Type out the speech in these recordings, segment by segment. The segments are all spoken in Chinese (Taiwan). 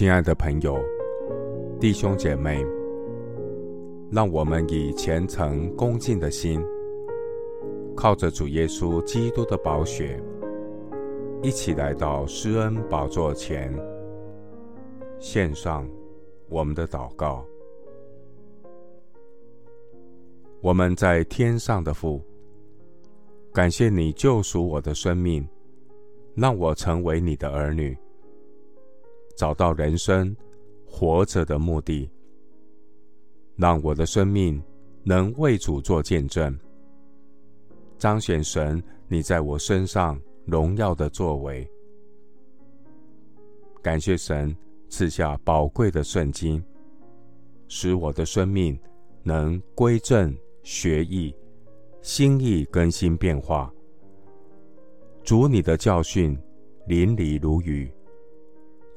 親愛的朋友、弟兄姐妹，讓我們以虔誠恭敬的心，靠着主耶穌基督的寶血，一起來到施恩寶座前，獻上我們的禱告。我們在天上的父，感謝你救贖我的生命，讓我成為你的兒女。找到人生活着的目的，讓我的生命能為主做見證，彰顯神你在我身上榮耀的作為。感謝神賜下寶貴的聖經，使我的生命能歸正學義，心意更新變化。主你的教訓淋漓如雨。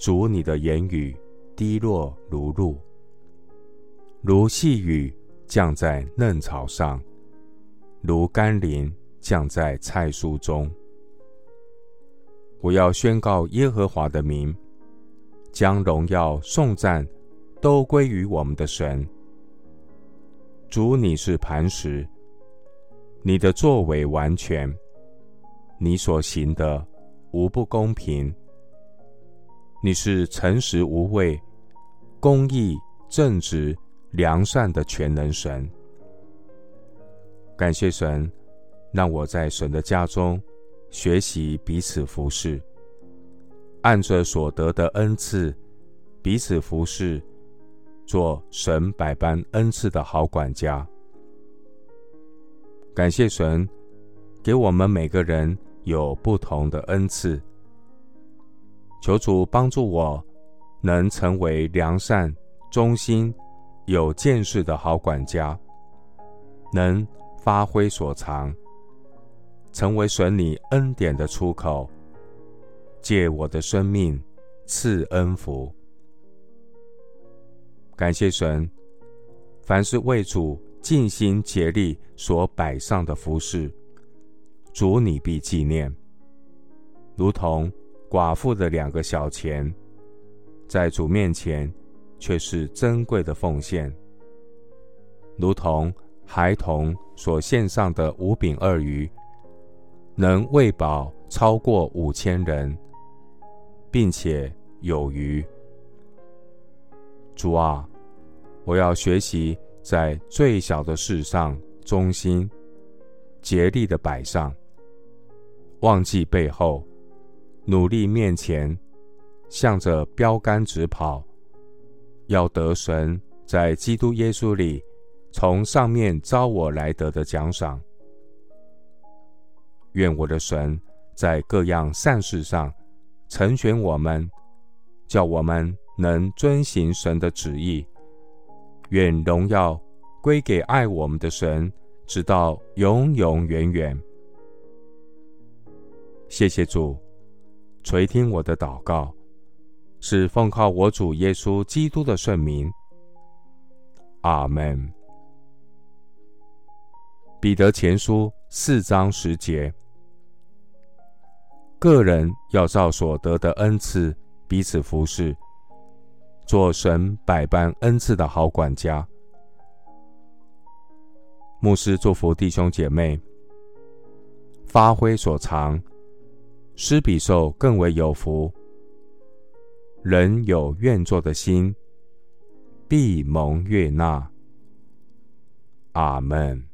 主，你的言語滴落如露，如細雨降在嫩草上，如甘霖降在菜蔬中。我要宣告耶和華的名，將榮耀頌讚都歸於我們的神。主，你是磐石，你的作為完全，你所行的無不公平。你是誠實無畏、公義正直、良善的全能神。感謝神，讓我在神的家中學習彼此服侍，按着所得的恩賜彼此服侍，做神百般恩賜的好管家。感謝神，給我們每個人有不同的恩賜。求主幫助我，能成為良善、忠心、有見識的好管家，能發揮所長，成為神你恩典的出口，借我的生命賜恩福。感謝神，凡是為主盡心竭力所擺上的服事，主你必紀念，如同。寡婦的兩個小錢，在主面前卻是珍貴的奉獻，如同孩童所獻上的五餅二魚，能餵飽超過五千人，並且有餘。主啊，我要學習在最小的事上忠心，竭力的擺上，忘記背後。努力面前，向着標杆直跑，要得神在基督耶穌裡從上面召我來得的獎賞。願我的神在各樣善事上成全我們，叫我們能遵行神的旨意。願榮耀歸給愛我們的神，直到永永遠遠。謝謝主。垂聽我的禱告，是奉靠我主耶穌基督的聖名。阿門。彼得前書四章十節，各人要照所得的恩賜彼此服事，做神百般恩賜的好管家。牧師祝福弟兄姐妹，發揮所長。施比受更為有福。人有願做的心，必蒙悅納。阿門。